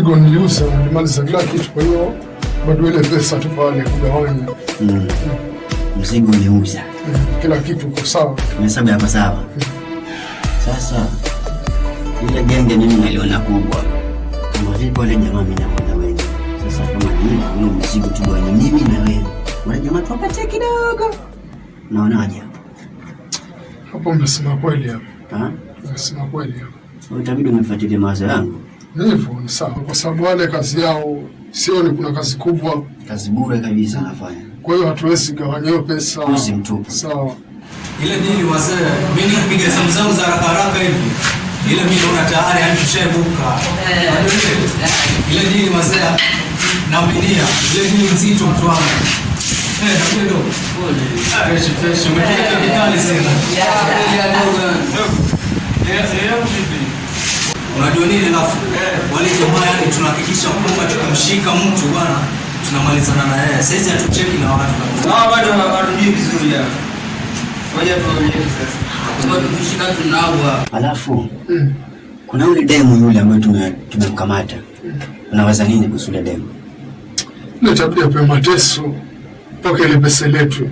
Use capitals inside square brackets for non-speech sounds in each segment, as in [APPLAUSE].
mzigo niliuza, nilimaliza kila kitu, kwa hiyo bado ile pesa tu pale kugawanya. Mm. Mzigo mm, kila kitu, kwa sawa, hapa sawa. Mm. Sasa ile genge mimi naliona kubwa, mavipo wale jamaa mimi naona wengi. Sasa kama ni ule mzigo tu bwana, mimi na wewe wale jamaa tuwapatie kidogo, naonaje hapo? Hapo umesema kweli hapo, ha umesema kweli hapo, itabidi umefuatilia mawazo yangu hivyo ni sawa, kwa sababu wale kazi yao sio ni kuna kazi kubwa, kazi bure kabisa anafanya. Kwa hiyo hatuwezi gawanya hiyo pesa, usimtupe. Sawa, ile dini wazee, mimi nipige zamu zangu za haraka haraka hivi ile mimi naona tayari anitushaebuka eh. ile dini wazee, naaminia ile dini mzito mtu wangu eh, ndio ah, fresh fresh umetokea vikali sana ndio nini nafu wale jamaa, yake tunahakikisha kwamba tukamshika mtu bwana, tunamalizana na yeye. Sasa hizi hatucheki na watu hao, ah, bado hatujui vizuri hapo. Ngoja tuone sasa, kwa tukishika hapa. Alafu mm. kuna yule demu yule ambaye tumemkamata, mm. unawaza nini kuhusu ile demu? Ile tabia ya mateso mpaka ile pesa letu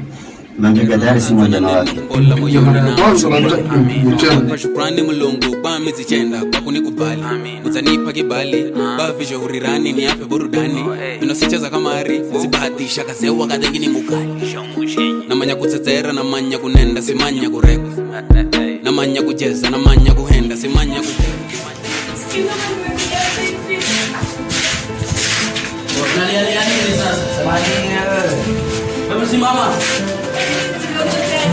Shukrani Mulungu ba miezi chenda kwa kunikubali, utanipa kibali bavishauri ni ape burudani oh, inosicheza kamari zibahatisha kasewa katengini ngukali namanya kutetera namanya kunenda simanya kureka namanya kucheza namanya kuhenda simanya kuteka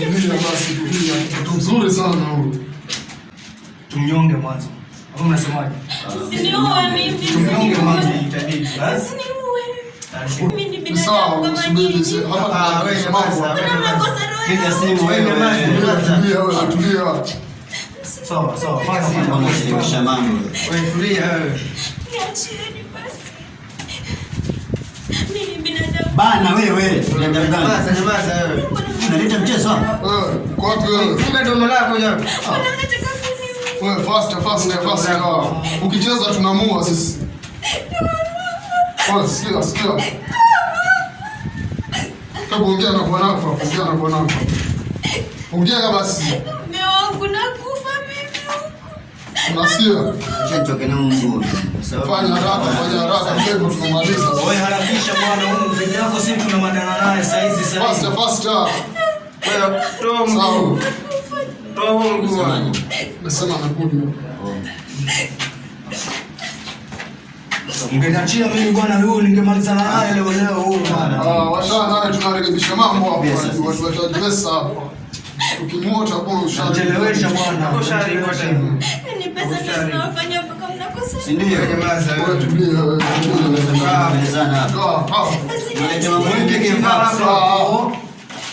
Jamilia, basi dunia mtoto mzuri sana huyu. Tumnyonge mwanzo. Hapo mnasemaje? Usiniue mimi. Tumnyonge mwanzo itabidi. Usiniue. Mimi ni binadamu kama nyinyi. Ah, wewe sasa. Kuna makosa roho. Kenya simu wewe. Tulia wewe, tulia. Sawa, sawa. Fanya mambo na kusimamisha mambo. Wewe tulia wewe. Niachieni basi. Mimi binadamu. Bana wewe, binadamu. Nyamaza, nyamaza wewe tunaleta mchezo hapa. Eh, kwa kwa domo lako jamaa. Wewe faster faster faster. Ukicheza tunamua sisi. Wewe sikia sikia. Hebu ongea na bwana wako, ongea na bwana wako. Ongea basi. Mume wangu nakufa mimi. Unasikia? Mtoke na Mungu. Fanya haraka, fanya haraka, mbegu tumaliza. Wewe harakisha bwana, huyu mbegu yako sisi tuna madana naye saizi saizi. Faster faster. Ungeniachia oh. mimi bwana, huyu ningemalizana naye leo leo huyu bwana. Ah, washaa tunarekebisha mambo hapo. Watu watajesa hapo. Ukimwota hapo ushaelewesha bwana. Ushaelewesha. Eh, ni pesa tunafanya mpaka mnakosa. Ndio. Bora tulie mezani hapo. Ndio. Ndio. Ndio. Ndio. Ndio.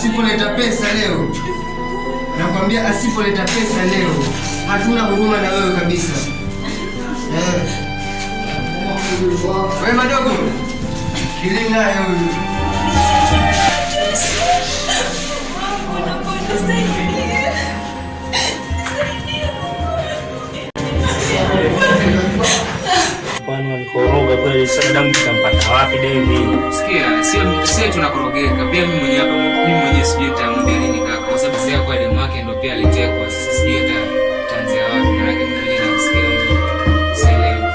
asipoleta pesa leo, nakwambia asipoleta pesa leo, hatuna huruma na wewe kabisa. Eh. Wewe madogo huyu wewe Sadamu tutampata wapi David? Sikia, sio sio tunakorogeka. Pia mimi mwenyewe hapa mimi mwenyewe sijui nitamwambia nini kaka kwa sababu sasa kwa demu yake ndio pia aletea kwa sisi sijui hata tanzia wapi na lakini mimi nasikia. Sasa leo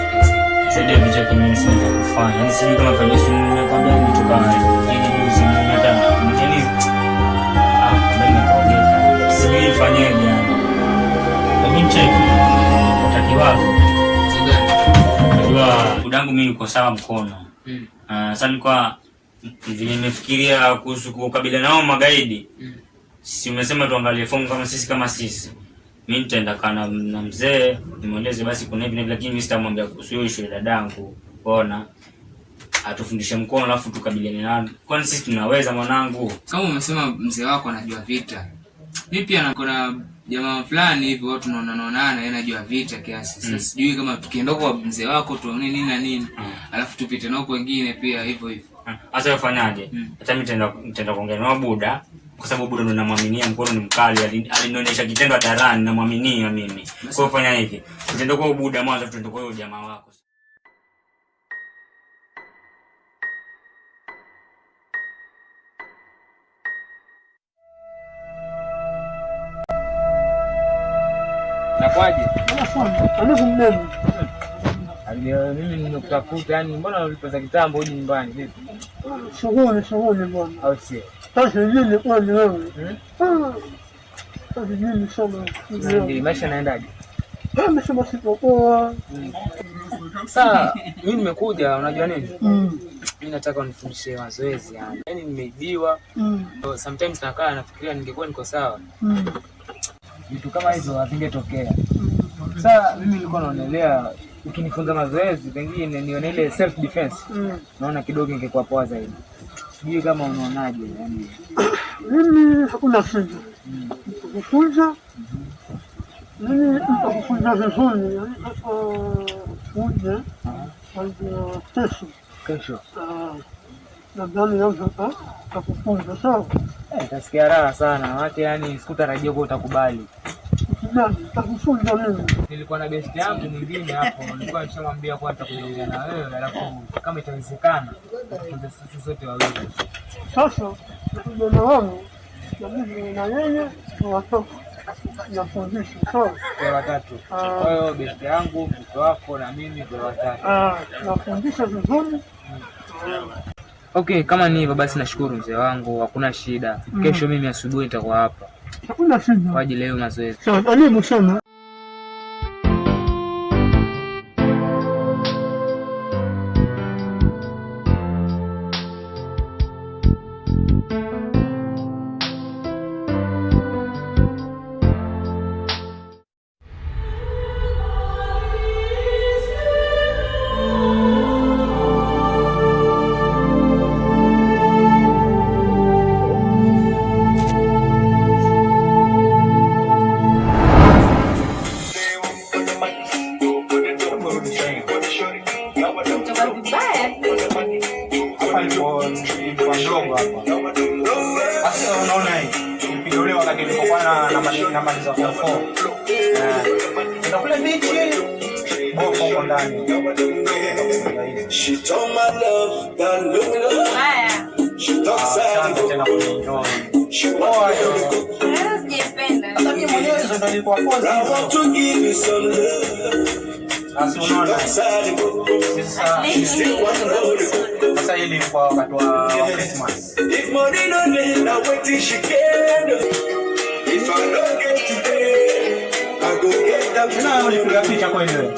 sasa ndio mimi cha kimimi sana kufanya. Yaani sijui kama fanya simu nimekwambia nitoka hapo. dadangu mimi niko sawa mkono mm. Sasa nilikuwa vile nimefikiria kuhusu kukabiliana nao magaidi mm. Si umesema tuangalie fomu kama sisi kama sisi, mimi nitaenda kana na mzee nimueleze basi kuna hivi, na lakini mimi sitamwambia kuhusu hiyo issue dadangu, unaona atufundishe mkono alafu tukabiliane nao, kwani sisi tunaweza mwanangu? Kama umesema mzee wako anajua vita mi pia kuna jamaa fulani hivi watu tunaonana onana, vita kiasi. Sasa mm. sijui kama tukienda kwa mzee wako tuone nini na nini mm. alafu tupite nao kwengine pia hivyo hivyo. Sasa mm. ufanyaje? Mm. hata mimi mi nitaenda kuongea na Buda kwa sababu Buda ndo namwaminia, mkono ni mkali, alinionyesha kitendo hadharani, namwaminia mimi. Kwa hiyo fanya hivi, tutaenda kwa Buda mwanzo, tutaenda kwa jamaa wako. waje. Mimi nimekutafuta yani, mbona ulipo za kitambo huji nyumbani vipi? Shughuli shughuli bwana, au sio? Sasa nini kwani wewe? Hmm? Sasa nini sasa? Ndio maisha naendaje? Amesema ah, sipopoa. Sasa mimi nimekuja, unajua nini? Hmm. Mimi nataka unifundishe mazoezi yani. Yaani, yaani nimeibiwa. Hmm. Sometimes nakaa nafikiria ningekuwa niko sawa vitu kama hizo hazingetokea. Mm. Sasa mimi nilikuwa naonelea ukinifunza mazoezi pengine nione ile self defense, mm. naona kidogo ingekuwa poa zaidi. Sijui kama unaonaje? Yani [COUGHS] mimi hakuna shida kufunza mm-hmm. mimi nitakufunza vizuri, yani sasa uje ah. kesho kesho ah nadhani leo tutakufunza, sawa? Eh, nitasikia raha sana wake, yani sikutarajia kuwa utakubali. Nitakufunza mimi. Nilikuwa na besti yangu mwingine hapo, nilikuwa nishamwambia kuwa nitakuongea na wewe, alafu kama itawezekana tufunze sisi sote wawili. Sasa vijana wangu na yeye na watoto nafundisha, watatu. Ah. Kwa hiyo besti yangu, mtoto wako na mimi, kwa watatu ah, nafundisha vizuri. Mm. Okay, kama ni hivyo basi nashukuru mzee wangu, hakuna shida. Kesho mm. mimi asubuhi nitakuwa hapa. Hakuna shida. Kwa ajili ya mazoezi. Sawa, karibu sana. She told my love that love Lula. She talks and she Hata mimi mwenyewe ndo nilikuwa pozi. I want to give you some love. Sasa unaona sasa, hili kwa wakati wa Christmas. If money no dey, I wait till she get. If I don't get today Ulipiga picha kwa hiyo?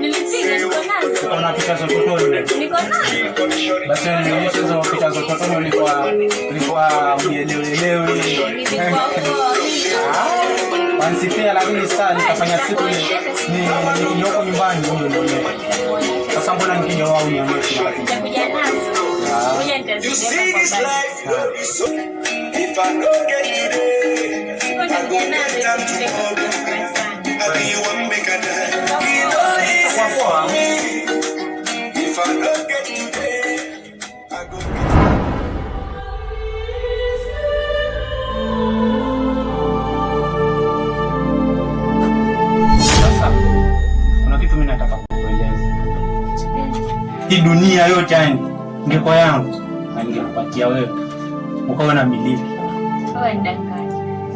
Nilipiga, niko nazo. Uko na picha za utotoni? Niko nazo. Basi nionyeshe hizo picha za utotoni ulikuwa ulikuwa unielewelewe. Wanisifia lakini saa nikafanya siku ile ni niliyoko nyumbani huyo ndio. Sasa mbona nikija wao nionyeshe? Nitakuja nazo. Ngoja nitazipeleka kwa baba. Hii dunia yote yani ngeko yangu na ningekupatia wewe ukawa na miliki.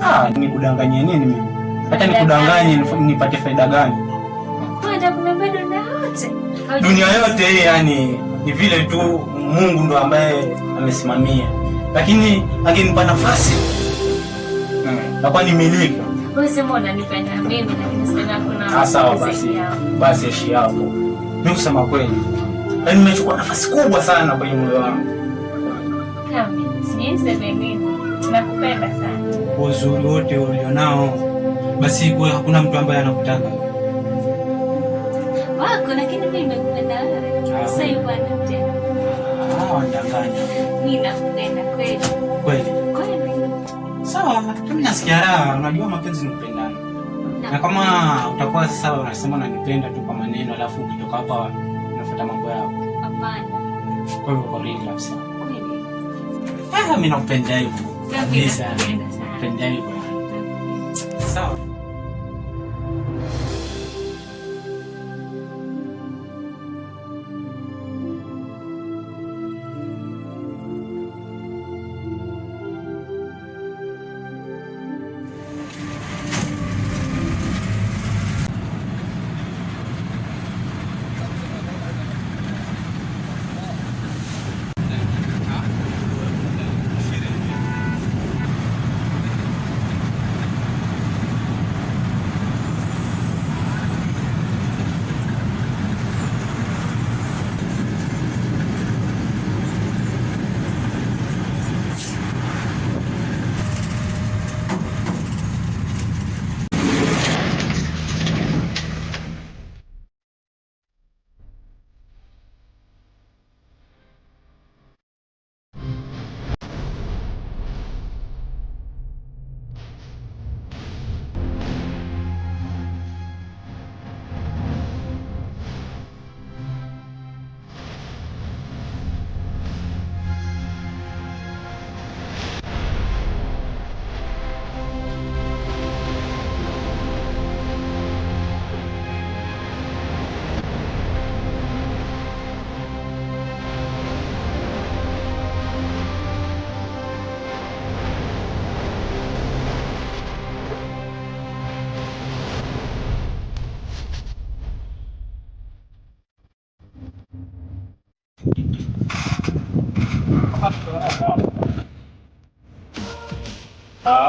Ah, nikudanganyia nini mimi? Hata nikudanganye nipate faida gani? Dunia yote hii yani ni vile tu Mungu ndo ambaye amesimamia, lakini angenipa nafasi hmm, nakuwa nimiliki. Ah, sawa basi, basi ishi hapo. Mi kusema kweli, yani nimechukua nafasi kubwa sana kwenye moyo wangu. Uzuri wote ulionao basi kwa hakuna mtu ambaye anakutaka wako, lakini mimi nimekupenda wewe. Ah. Sasa hivi bwana tena Ah, wanadanganya. Mimi nakupenda kweli kweli kweli. Sawa, mimi nasikia raha. Unajua mapenzi ni kupendana, na kama utakuwa sasa unasema unanipenda tu kwa maneno, alafu ukitoka hapa unafuata mambo yako. Hapana, kwa hivyo kwa nini real Kweli. sana. Ah, mimi nakupenda hivyo kabisa, nakupenda hivyo sawa.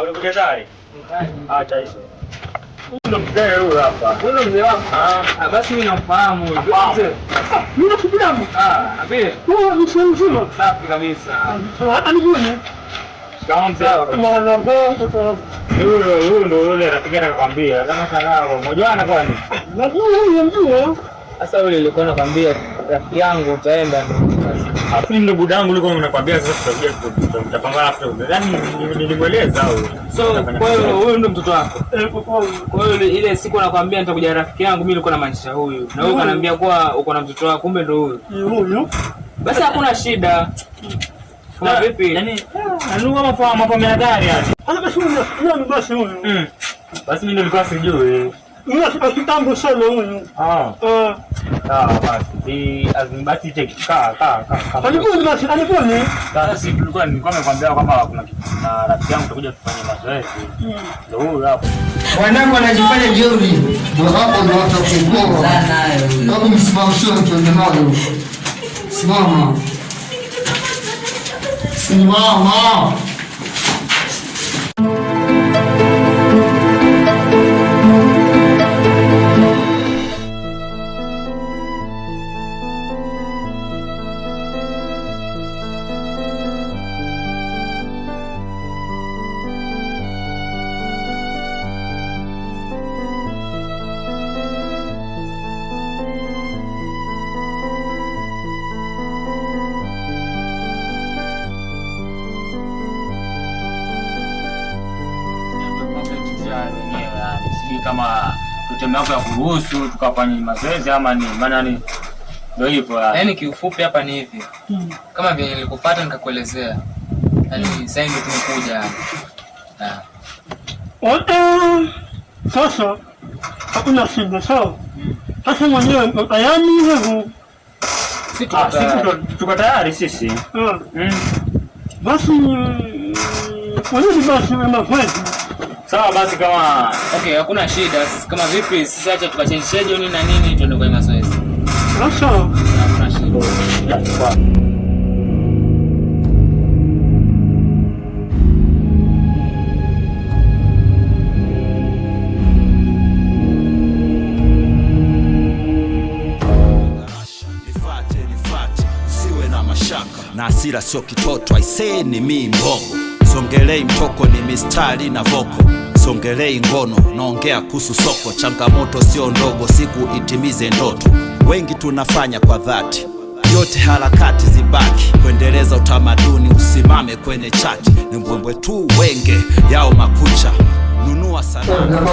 Ah, huyu ndo yule rafiki nakwambia, mmoja wana kwani? Sasa yule nilikuwa nakwambia rafiki yangu utaenda mimi ndugu dangu ulikuwa unakwambia sasa tutakuja tutapambana after. Nadhani yaani, nilimweleza au. So kwa hiyo huyu ndo mtoto wako. Kwa hiyo ile siku nakwambia nitakuja rafiki yangu mimi nilikuwa namaanisha huyu. Na wewe ukaniambia kuwa uko na mtoto wako kumbe ndo huyu. Huyu. Basi hakuna shida. Kama vipi? Yaani anua mapo mapo mia gari yani. Ah, mm. Basi mimi nilikuwa sijui miaka kitambo sana huyu. Aliponi basi, aliponi. Sasa tulikuwa nilikuwa nimekwambia kwamba kuna na rafiki yangu tutakuja tufanye mazoezi. Hmm. Ndio huyu hapo. Wanangu anajifanya jeuri. Ndio hapo ndio watakuwa. Sana hiyo. Hapo msimamo sio mtonde mali. Simama. Simama. sijui kama tutembea kwa kuruhusu tukafanya mazoezi ama ni maana ni ndio hivyo. Yaani kiufupi hapa ni hivi mm. kama vile nilikupata nikakuelezea, yaani sasa hivi tumekuja Ah. Oto. Eh, sasa, hakuna shida sawa. Hmm. Sasa mwenyewe ah, tayari hivyo tuko tayari sisi ah. hmm. basi, kwa eh, nini basi mazoezi Sawa basi, kama okay, hakuna shida. Kama vipi sasa, acha tukachange schedule na nini, tuende kwa mazoezi. Sasa hakuna shida. na hasira sio kitoto, aisee, ni mimi mbongo songelei mtoko ni mistari na voko songelei ngono, naongea kuhusu soko. Changamoto sio ndogo, siku itimize ndoto. Wengi tunafanya kwa dhati yote harakati zibaki kuendeleza utamaduni, usimame kwenye chati. Ni mbwembwe tu wenge yao makucha, nunua sana.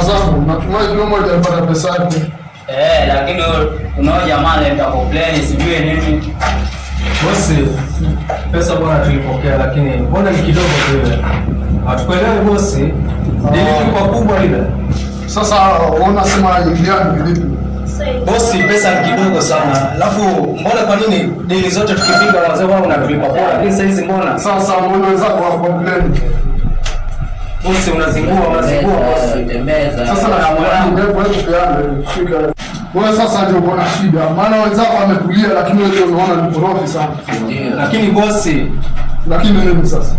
zangu, natumai kila mmoja amepata pesa yake eh, lakini unao jamaa anaenda complain nini bosi pesa bwana tulipokea, lakini mbona ni kidogo vile? Hatukuelewi bosi, kwa kubwa ile. Sasa unasema vipi? Bosi, pesa ni kidogo sana. Alafu mbona kwa nini deni zote tukipiga wazee wao na tulipa kwa? lakini sasa hizi mbona? Sasa mbona wenzako wa complain? Bosi, unazingua unazingua bosi. Sasa na mwanangu ndio kwa hiyo kufika. Wewe sasa ndio uko na shida, maana wenzako wamekulia, lakini wewe ndio unaona ni korofi sana. Lakini bosi, lakini nini sasa?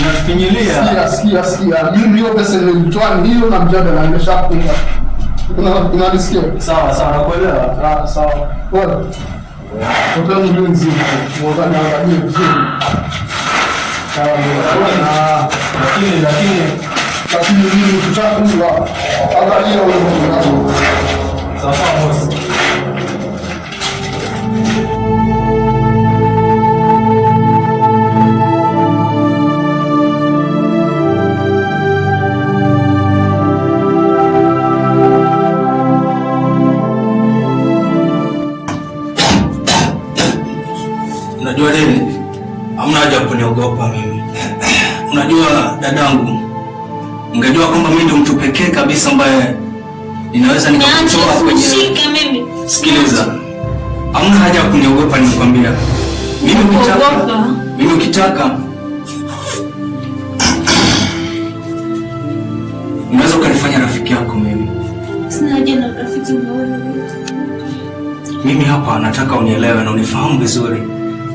Unafinyilia. Sikia, sikia, sikia. Mimi ndio pesa nilimtoa ndio na mjadala Kuna kuna Unanisikia? Sawa sawa, nakuelewa. Ah, sawa. Bora. Ndio ndio nzima. Mwanzo naangalia vizuri. Sawa, bora. Lakini lakini lakini mimi tutachukua angalia wewe Só moça. nataka unielewe na unifahamu vizuri,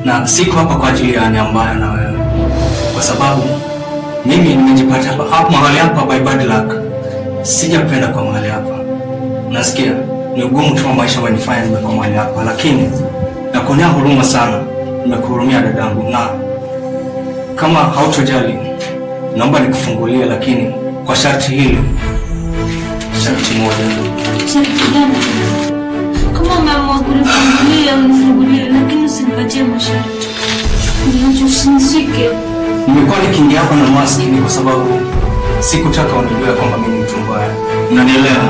na siko hapa kwa ajili ya nia mbaya na wewe, kwa sababu mimi nimejipata hapa hapa mahali hapa by bad luck. Sijapenda kwa mahali hapa, nasikia ni ugumu tu maisha wanifanya nimekuwa mahali hapa, lakini nakuonea huruma sana, nimekuhurumia dadangu, na kama hautojali naomba nikufungulie, lakini kwa sharti hili, sharti moja. Sharti gani? Kama umeamua kunifungulia unifungulie, lakini usinipatie masharti. Ninachosinzike. Nimekuwa nikiingia hapa na maski ni kwa sababu sikutaka unijue kwamba mimi mtu mbaya. Unanielewa?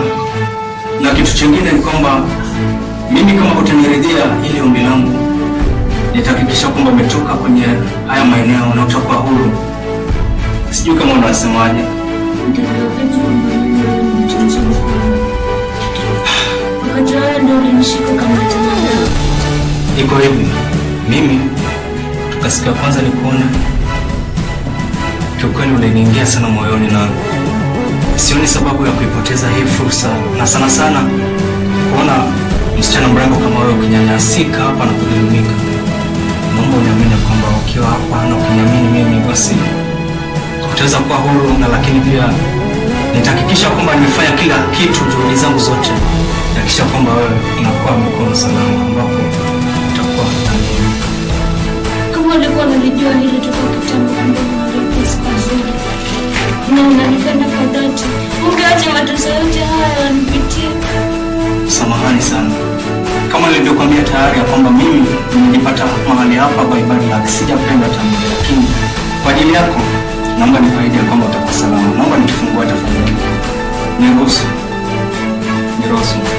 Na kitu chingine ni kwamba mimi kama utaniridhia ile ombi langu, nitahakikisha kwamba umetoka kwenye haya maeneo na utakuwa huru. Sijui kama unasemaje. Njoo ndio ulinishika kama mwanadamu. Iko hivi, mimi tukasikia kwanza nikuona, kiukweli uliniingia sana moyoni na sioni sababu ya kuipoteza hii fursa, na sana sana kuona msichana mrembo kama wewe ukinyanyasika hapa na kudhulumika. Naomba uniamini kwamba ukiwa hapa na ukiniamini mimi, basi utaweza kuwa huru, na lakini pia nitahakikisha kwamba nimefanya kila kitu, juhudi zangu zote hakikisha kwamba wewe unakuwa mkono salama ambapo utakuwa kama ulikuwa unalijua hili toka kitambo kwamba nzuri na unalipenda kwa dhati, ungeacha mateso yote haya yanipitie. Samahani sana, kama nilivyokwambia tayari ya kwamba mimi nimejipata mahali hapa kwa ibada yake, sijapenda tamu, lakini kwa ajili yako naomba nikuahidi ya kwamba utakuwa salama. Naomba nitufungue tafadhali, niruhusu niruhusu.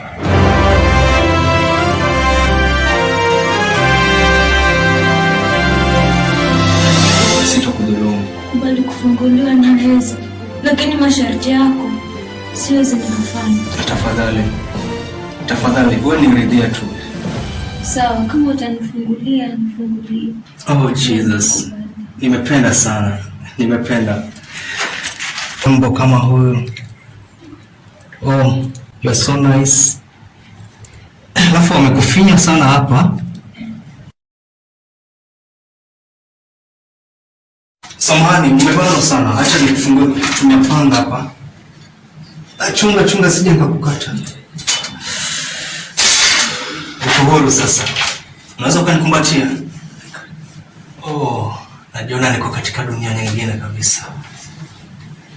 kufunguliwa naweza, lakini masharti yako siwezi nikafanya. Tafadhali, tafadhali wewe niridhia tu. Sawa, kama utanifungulia nifungulie. Oh Jesus, nimependa sana, nimependa mbo kama huyo. Oh, you are so nice. Alafu wamekufinya sana hapa Samahani, mmebana sana. Acha nikufungue, tumepanga hapa. Ah, chunga chunga, sije nikakukata. Uko huru sasa, unaweza ukanikumbatia. Oh, najiona niko katika dunia nyingine kabisa.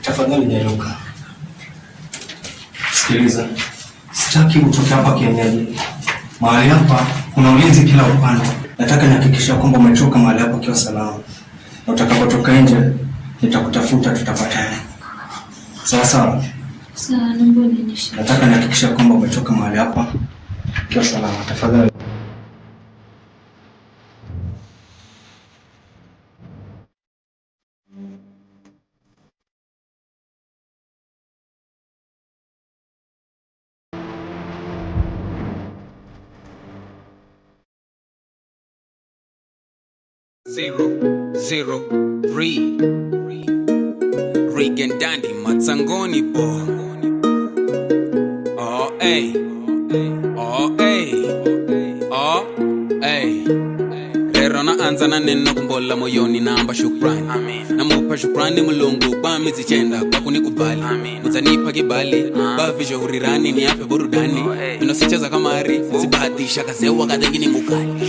Tafadhali nyanyuka. Sikiliza, sitaki utoke hapa kienyeji. Mahali hapa kuna ulinzi kila upande. Nataka nihakikisha kwamba umetoka mahali hapa ukiwa salama. Utakapotoka nje nitakutafuta, tutapatana. Sawa sawa. Nataka nihakikisha kwamba umetoka mahali hapa kwa salama. Tafadhali. Zero, zero, three. Regan Dandy Matsangoni bo Oh na neno kumbola moyoni namba shukrani Namupa shukrani Mulungu kwa miezi chenda kwa kunikubali Mutanipa kibali bavisha hurirani niape burudani Minosicheza kamari sibahatisha kazewa kadengini mukali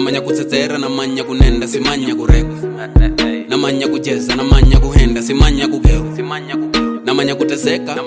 namanya kutsetsera namanya kunenda simanya kureka namanya kujeza namanya kuhenda simanya kugewa namanya kuteseka